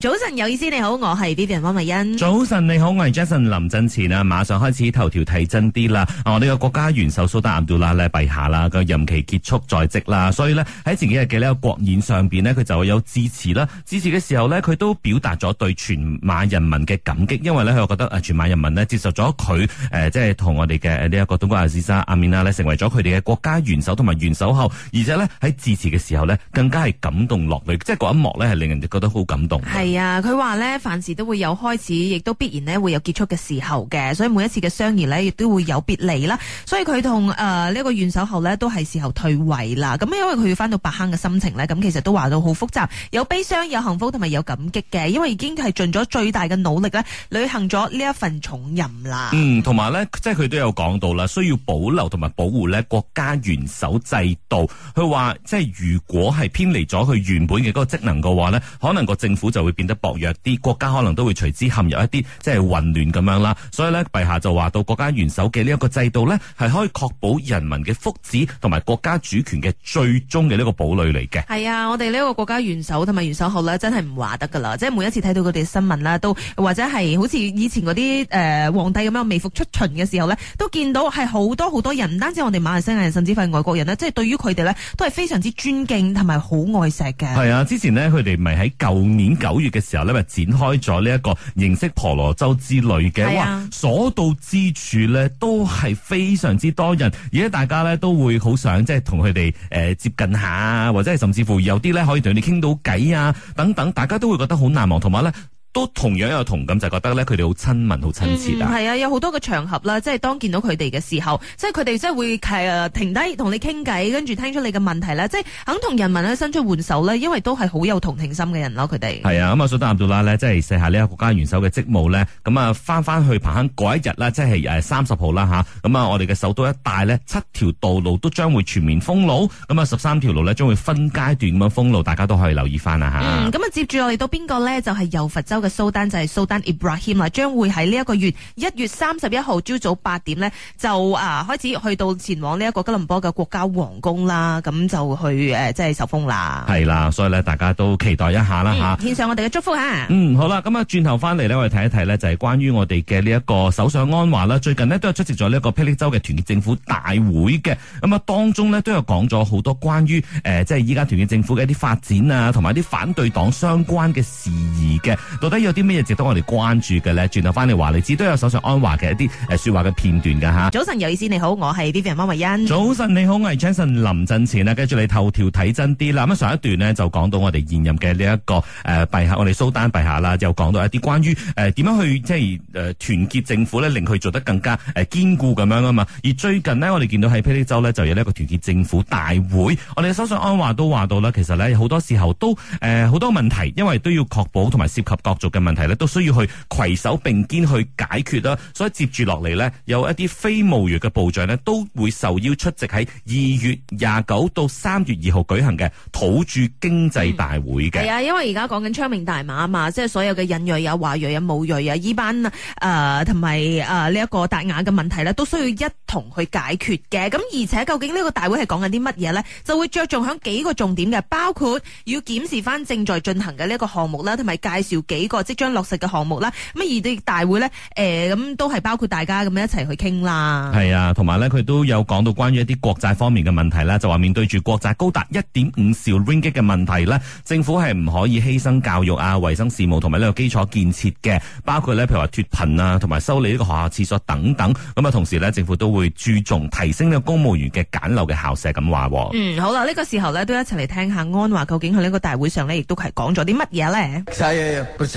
早晨有意思，你好，我係 Vivian 汪慧欣。早晨你好，我係 Jason 林振前啊，馬上開始頭條睇真啲啦。我哋個國家元首蘇丹阿杜拉咧陛下啦，佢任期結束在即啦，所以呢，喺前幾日嘅呢個國宴上邊呢，佢就有致辭啦。致辭嘅時候呢，佢都表達咗對全馬人民嘅感激，因為呢，佢覺得全馬人民呢接受咗佢誒即係同我哋嘅呢一個東姑阿茲沙阿米娜啦成為咗佢哋嘅國家元首同埋元首后，而且呢，喺致辭嘅時候呢，更加係感動落淚，即係嗰一幕呢，係令人哋覺得好感動。啊，佢話呢，凡事都會有開始，亦都必然咧會有結束嘅時候嘅，所以每一次嘅相遇呢，亦都會有別離啦。所以佢同誒呢個元首后呢，都係時候退位啦。咁因為佢要翻到白坑嘅心情呢，咁其實都話到好複雜，有悲傷，有幸福，同埋有感激嘅。因為已經係盡咗最大嘅努力咧，履行咗呢一份重任啦。嗯，同埋呢，即係佢都有講到啦，需要保留同埋保護呢國家元首制度。佢話即係如果係偏離咗佢原本嘅嗰個職能嘅話呢，可能個政府就會變得薄弱啲，國家可能都會隨之陷入一啲即係混亂咁樣啦。所以咧，陛下就話到國家元首嘅呢一個制度呢，係可以確保人民嘅福祉同埋國家主權嘅最終嘅呢個堡壘嚟嘅。係啊，我哋呢一個國家元首同埋元首后咧，真係唔話得噶啦。即係每一次睇到佢哋新聞啦，都或者係好似以前嗰啲誒皇帝咁樣，微服出巡嘅時候呢，都見到係好多好多人，唔單止我哋馬來西亞人，甚至係外國人呢，即係對於佢哋呢，都係非常之尊敬同埋好愛錫嘅。係啊，之前呢，佢哋咪喺舊年九月。嘅時候咧，咪展開咗呢一個認識婆羅洲之旅嘅，啊，哇！所到之處咧，都係非常之多人，而家大家咧都會好想即係同佢哋誒接近下，或者係甚至乎有啲咧可以同你傾到偈啊，等等，大家都會覺得好難忘，同埋咧。都同樣有同感，就覺得咧佢哋好親民、好親切啊！係、嗯、啊，有好多嘅場合啦，即係當見到佢哋嘅時候，即係佢哋即係會啊停低同你傾偈，跟住聽出你嘅問題啦，即係肯同人民咧伸出援手呢，因為都係好有同情心嘅人咯，佢哋係啊咁啊，所談到啦，即係卸下呢一個國家元首嘅職務呢。咁啊翻翻去彭亨嗰一、就是、日啦，即係三十號啦吓，咁啊我哋嘅首都一帶呢，七條道路都將會全面封路，咁啊十三條路呢，將會分階段咁樣封路，大家都可以留意翻啊吓嗯，咁啊接住我哋到邊個呢？就係、是、柔佛州。嘅蘇丹就係蘇丹伊布拉希姆啊，將會喺呢一個月一月三十一號朝早八點呢，就啊開始去到前往呢一個吉隆坡嘅國家皇宮啦，咁、啊、就去誒、啊、即係受封啦。係啦，所以咧大家都期待一下啦吓，獻、嗯啊、上我哋嘅祝福啊！嗯，好啦，咁啊轉頭翻嚟呢，我哋睇一睇呢，就係關於我哋嘅呢一個首相安華啦，最近呢，都係出席咗呢一個霹靂州嘅團結政府大會嘅，咁啊當中呢，都有講咗好多關於誒、呃、即係依家團結政府嘅一啲發展啊，同埋一啲反對黨相關嘅事宜嘅。覺得有啲咩嘢值得我哋關注嘅咧？轉頭翻嚟，話你知都有首相安華嘅一啲誒、呃、說話嘅片段噶吓。早晨，有意思，你好，我係 B B R 方慧欣。早晨你好，艾 Jason 林振前啦，跟住你頭條睇真啲啦。咁上一段呢，就講到我哋現任嘅呢一個誒、呃、陛下，我哋蘇丹陛下啦，就講到一啲關於誒點、呃、樣去即係誒團結政府咧，令佢做得更加誒、呃、堅固咁樣啊嘛。而最近呢，我哋見到喺霹靂州咧，就有一個團結政府大會。我哋首相安華都話到啦，其實咧好多時候都誒好、呃、多問題，因為都要確保同埋涉及各。族嘅問題咧，都需要去攜手並肩去解決啦。所以接住落嚟呢，有一啲非巫裔嘅部長呢，都會受邀出席喺二月廿九到三月二號舉行嘅土著經濟大會嘅。係、嗯、啊，因為而家講緊昌明大馬啊嘛，即、就、係、是、所有嘅印裔啊、華裔啊、巫裔啊依班啊，誒同埋誒呢一個達雅嘅問題呢，都需要一同去解決嘅。咁而且究竟呢個大會係講緊啲乜嘢呢？就會着重響幾個重點嘅，包括要檢視翻正在進行嘅呢個項目啦，同埋介紹幾個即將落實嘅項目啦，咁而對大會咧，誒、欸，咁都係包括大家咁一齊去傾啦。係啊，同埋咧，佢都有講到關於一啲國債方面嘅問題啦，就話面對住國債高達一點五兆 Ringgit 嘅問題咧，政府係唔可以犧牲教育啊、衛生事務同埋呢個基礎建設嘅，包括咧，譬如話脫貧啊，同埋修理呢個學校廁所等等。咁啊，同時咧，政府都會注重提升呢個公務員嘅簡陋嘅校舍，咁話。嗯，好啦，呢、這個時候咧，都一齊嚟聽下安華，究竟佢呢個大會上咧，亦都係講咗啲乜嘢咧？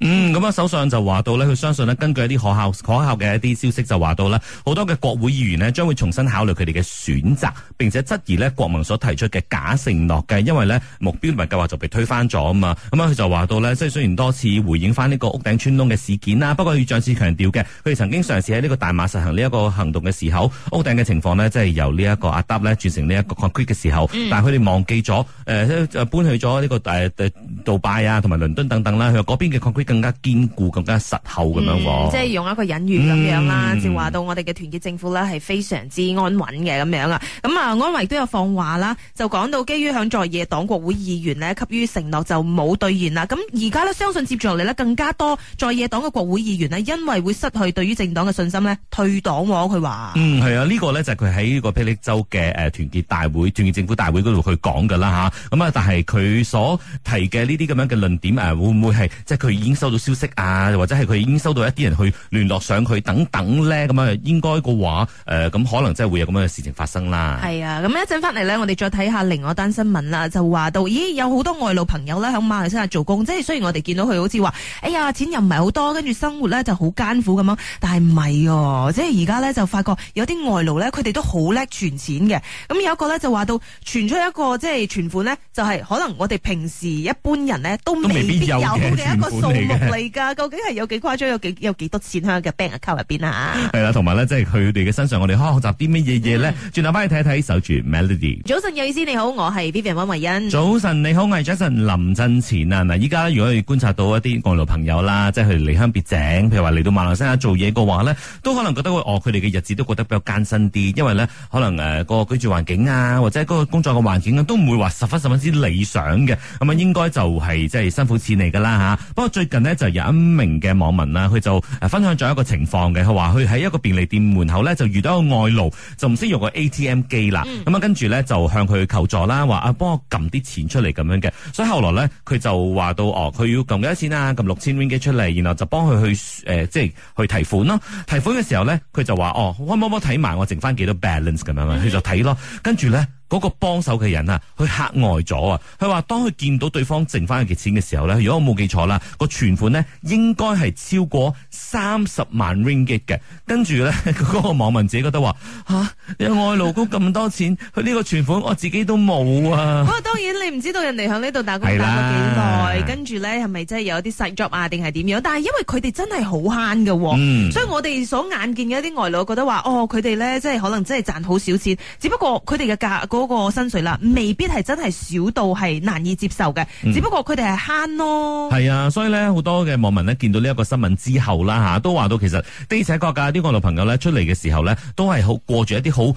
嗯，咁啊，首相就話到咧，佢相信咧，根據一啲可靠可靠嘅一啲消息，就話到咧，好多嘅國會議員咧將會重新考慮佢哋嘅選擇，並且質疑咧國民所提出嘅假承諾嘅，因為咧目標唔係計劃就被推翻咗啊嘛。咁啊，佢就話到咧，即係雖然多次回應翻呢個屋頂穿窿嘅事件啦，不過佢再次強調嘅，佢哋曾經嘗試喺呢個大馬實行呢一個行動嘅時候，屋頂嘅情況咧即係由呢一個阿達咧轉成呢一個 Concrete 嘅時候，嗯、但係佢哋忘記咗誒、呃、搬去咗呢、這個誒誒、呃、杜拜啊，同埋倫敦等等啦，佢話邊嘅 Concrete。更加堅固、更加實厚咁、嗯、樣講，即係用一個隱喻咁樣啦，就係話到我哋嘅團結政府咧係非常之安穩嘅咁樣啦。咁、嗯、啊，安維都有放話啦，就講到基於響在，在野黨國會議員呢給予承諾就冇兌現啦。咁而家呢，相信接住落嚟呢更加多在野黨嘅國會議員呢，因為會失去對於政黨嘅信心呢，退黨。佢話：嗯，係啊，呢、這個呢就係佢喺呢個霹靂州嘅誒團結大會、團結政府大會嗰度去講㗎啦吓，咁啊，但係佢所提嘅呢啲咁樣嘅論點啊，會唔會係即係佢已經？就是收到消息啊，或者係佢已經收到一啲人去聯絡上佢等等咧，咁啊應該嘅話，誒、呃、咁可能真係會有咁樣嘅事情發生啦。係啊，咁一陣翻嚟咧，我哋再睇下另外一單新聞啦，就話到咦有好多外勞朋友咧響馬來西亞做工，即係雖然我哋見到佢好似話，哎呀錢又唔係好多，跟住生活咧就好艱苦咁樣，但係唔係，即係而家咧就發覺有啲外勞咧，佢哋都好叻存錢嘅。咁有一個咧就話到存出一個即係存款咧，就是，就係可能我哋平時一般人咧都未必有嘅一個數。嚟噶，究竟係有幾誇張？有幾有幾多，多錢香嘅 bank account 入邊啊？係、嗯、啦，同埋咧，即係佢哋嘅身上我，我哋可學習啲乜嘢嘢咧？轉頭翻去睇一睇守住 Melody。早晨，有意思，你好，我係 Vivian 維恩。早晨，你好，我係 Jackson 林振前啊！嗱，依家如果要觀察到一啲外勞朋友啦，即係離鄉別井，譬如話嚟到馬來西亞做嘢嘅話呢，都可能覺得會哦，佢哋嘅日子都覺得比較艱辛啲，因為呢，可能誒個、呃、居住環境啊，或者嗰個工作嘅環境啊，都唔會話十分十分之理想嘅，咁啊、就是，應該就係即係辛苦錢嚟噶啦吓。不過最咧就有一名嘅網民啦，佢就分享咗一個情況嘅，佢話佢喺一個便利店門口咧就遇到一個外勞，就唔識用個 ATM 機啦。咁、嗯、啊，跟住咧就向佢求助啦，話啊幫我撳啲錢出嚟咁樣嘅。所以後來咧，佢就話到哦，佢要撳幾多錢啊？撳六千蚊機出嚟，然後就幫佢去誒，即、呃、係、就是、去提款咯。提款嘅時候咧，佢就話哦，可唔可以幫我睇埋，我剩返幾多 balance 咁樣啊。佢就睇咯，跟住咧。嗰、個幫手嘅人啊，佢嚇呆咗啊！佢話：當佢見到對方剩翻嘅錢嘅時候咧，如果我冇記錯啦，個存款咧應該係超過三十萬 ringgit 嘅。跟住咧，嗰、個網民自己覺得話：嚇、啊，你外勞攰咁多錢，佢 呢個存款我自己都冇啊！啊，當然你唔知道人哋喺呢度打工打咗幾耐，跟住咧係咪真係有啲 side job 啊，定係點樣？但係因為佢哋真係好慳嘅喎，所以我哋所眼見嘅一啲外勞覺得話：哦，佢哋咧真係可能真係賺好少錢，只不過佢哋嘅價。嗰、那個薪水啦，未必係真係少到係難以接受嘅，嗯，只不過佢哋係慳咯。係啊，所以咧好多嘅網民咧見到呢一個新聞之後啦嚇，都話到其實的而且確啲外國朋友咧出嚟嘅時候咧，都係好過住一啲好誒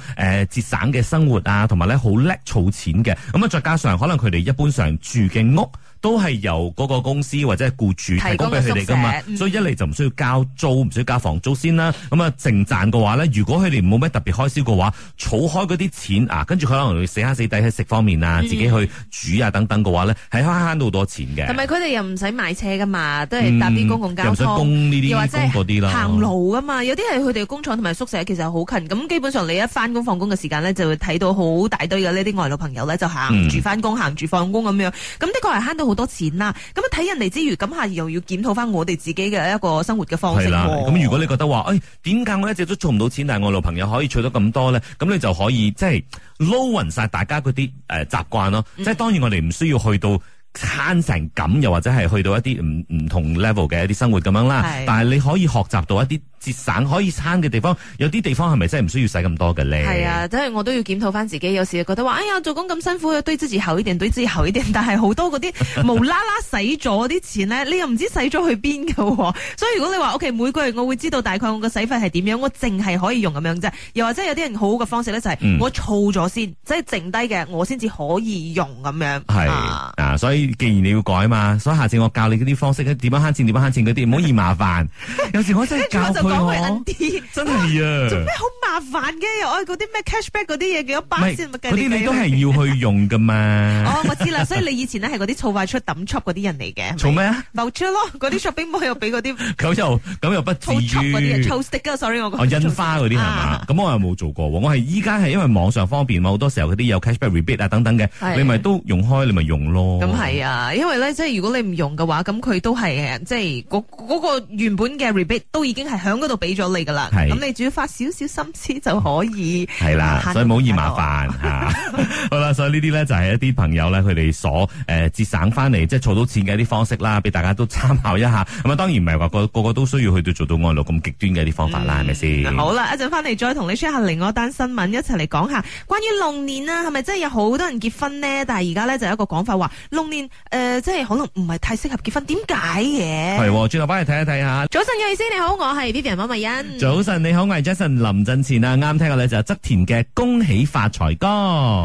節省嘅生活啊，同埋咧好叻儲錢嘅。咁啊，再加上可能佢哋一般上住嘅屋。都係由嗰個公司或者係雇主提供俾佢哋噶嘛，嗯、所以一嚟就唔需要交租，唔需要交房租先啦。咁、嗯、啊，剩賺嘅話咧，如果佢哋冇咩特別開銷嘅話，儲開嗰啲錢啊，跟住佢可能會死慳死抵喺食方面啊，嗯、自己去煮啊等等嘅話咧，係慳慳到好多錢嘅。同埋佢哋又唔使買車噶嘛，都係搭啲公共交通，嗯、又或者行路噶嘛。有啲係佢哋工廠同埋宿舍其實好近，咁基本上你一翻工放工嘅時間咧，就會睇到好大堆嘅呢啲外勞朋友咧就行住翻工行住放工咁樣，咁的確係慳到好多錢啦、啊，咁樣睇人哋之餘，咁下又要檢討翻我哋自己嘅一個生活嘅方式、啊。啦，咁如果你覺得話，誒、哎，點解我一直都做唔到錢，但係我嘅朋友可以取到咁多咧？咁你就可以即係撈勻晒大家嗰啲誒習慣咯。即、嗯、係當然我哋唔需要去到。慳成咁，又或者係去到一啲唔唔同 level 嘅一啲生活咁樣啦。但係你可以學習到一啲節省可以慳嘅地方。有啲地方係咪真係唔需要使咁多嘅咧？係啊，即係我都要檢討翻自己。有時覺得話哎呀，做工咁辛苦，對自己好一點，對自己好一點。但係好多嗰啲無啦啦使咗啲錢咧， 你又唔知使咗去邊噶。所以如果你話 OK，每個月我會知道大概我個使費係點樣，我淨係可以用咁樣啫。又或者有啲人好嘅方式咧，就係我儲咗先，即係剩低嘅我先至、嗯、可以用咁樣係啊、所以既然你要改嘛，所以下次我教你嗰啲方式咧，點樣慳錢，點樣慳錢嗰啲，唔好嫌麻煩。 有時我真係教佢，我就講、啊、真係啊，做咩好麻煩嘅？我愛嗰啲咩 cashback 嗰啲嘢，幾多百先？佢、啊、都係要去用噶嘛、 哦。我知啦，所以你以前咧係嗰啲做外出抌 s 嗰啲人嚟嘅。做咩啊？就是、流出咯，嗰啲 shop 邊冇有俾嗰啲？咁又咁又不至於。啊 s o 我個。印花嗰啲係嘛？咁、啊、我又冇做過，我係依家係因為網上方便嘛，好多時候嗰啲有 cashback rebate 啊等等嘅，你咪都用開，你咪用咯。唔係啊，因為咧，即係如果你唔用嘅話，咁佢都係誒，即係嗰嗰個原本嘅 rebate 都已經係喺嗰度俾咗你噶啦。咁你只要發少少心思就可以。係啦，所以唔好嫌麻煩吓。 啊、 好啦，所以呢啲咧就係一啲朋友咧，佢哋所誒節省翻嚟，即係儲到錢嘅一啲方式啦，俾大家都參考一下。咁啊，當然唔係話個個個都需要去到做到外勞咁極端嘅一啲方法啦，係、嗯、咪先？好啦，一陣翻嚟再同你 share 另一單新聞，一齊嚟講下關於龍年啦、啊，係咪真係有好多人結婚呢，但係而家咧就有一個講法話。龍年誒、呃，即係可能唔係太適合結婚，點解嘅？係轉頭翻嚟睇一睇下。早晨，有意思你好，我係 Vivian 馬慧欣。早晨你好，我係 Jason 林振前啊。啱聽過咧就係側田嘅《恭喜發財歌》。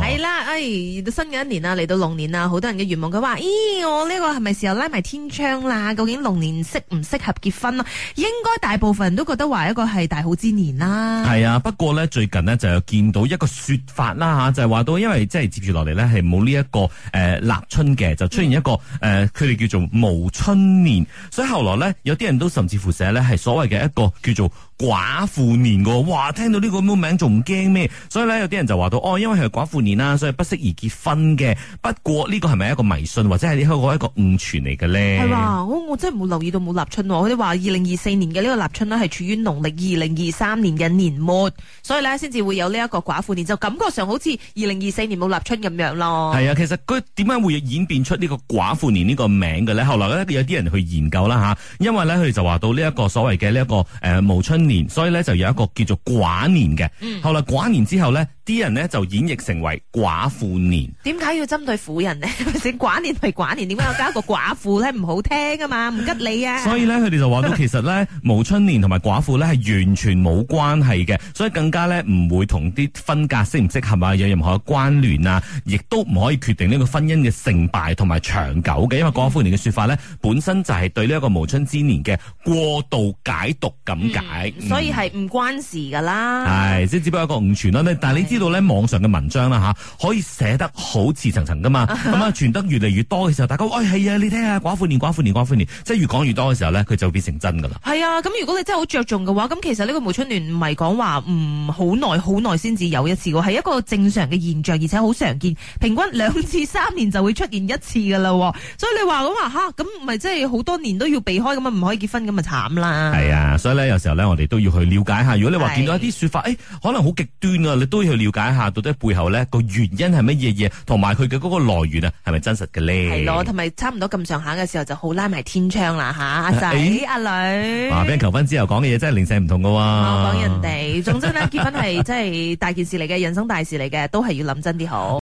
係啦，誒、哎、新嘅一年啊，嚟到龍年啊，好多人嘅願望，佢話咦，我呢個係咪時候拉埋天窗啦？究竟龍年適唔適合結婚啊？應該大部分人都覺得話一個係大好之年啦。係啊，不過咧最近呢就有見到一個說法啦吓，就係話到因為即係、就是、接住落嚟咧係冇呢一個誒、呃、立春。嘅就出現一個誒，佢哋，嗯，呃，叫做無春年，所以後來咧有啲人都甚至乎寫咧係所謂嘅一個叫做。寡婦年喎，哇！聽到呢個咁嘅名仲唔驚咩？所以咧，有啲人就話到，哦，因為係寡婦年啦，所以不適宜結婚嘅。不過呢個係咪一個迷信，或者係喺香港一個誤傳嚟嘅咧？係話，我真係冇留意到冇立春，啊，佢哋話二零二四年嘅呢個立春呢，係處於農曆二零二三年嘅年末，所以咧先至會有呢一個寡婦年，就感覺上好似二零二四年冇立春咁樣咯。係啊，其實佢點解會演變出呢個寡婦年呢個名嘅咧？後來咧有啲人去研究啦吓，因為咧佢就話到呢一個所謂嘅呢一個誒無、呃、春年，所以咧就有一個叫做寡年嘅，嗯，後來寡年之後咧。啲人呢就演繹成為寡婦年，點解要針對婦人呢？成 寡年係寡年，點解要加一個寡婦咧？唔 好聽㗎嘛，唔吉利啊！所以咧，佢哋就話到，其實咧無春年同埋寡婦咧係完全冇關係嘅，所以更加咧唔會同啲婚嫁適唔適合啊有任何嘅關聯啊，亦都唔可以決定呢個婚姻嘅成敗同埋長久嘅，因為寡婦年嘅說法咧、嗯、本身就係對呢一個無春之年嘅過度解讀咁解、嗯嗯，所以係唔關事噶啦，係即只不過一個誤傳啦。但係知道咧網上嘅文章啦吓、啊，可以寫得好似層層噶嘛？咁啊，傳得越嚟越多嘅時候，大家，哎係啊，你聽下寡婦年寡婦年寡婦年，年，即係越講越多嘅時候咧，佢就變成真噶啦。係啊，咁如果你真係好着重嘅話，咁其實呢個無春年唔係講話唔好耐好耐先至有一次嘅，係一個正常嘅現象，而且好常見，平均兩至三年就會出現一次噶啦。所以你話咁話吓，咁咪係即係好多年都要避開咁啊，唔可以結婚咁啊慘啦。係啊，所以咧有時候咧，我哋都要去了解下。如果你話見到一啲說法，欸、可能好極端啊，你都要去。了解下到底背後咧個原因係乜嘢嘢，同埋佢嘅嗰個來源啊，係咪真實嘅咧？係咯，同 埋樂差唔多咁上下嘅時候就好拉埋天窗啦吓，阿仔阿女。啊，俾人、哎啊、求婚之後講嘅嘢真係零舍唔同噶。我講人哋，總之咧結婚係真係大件事嚟嘅， 人生大事嚟嘅，都係要諗真啲好。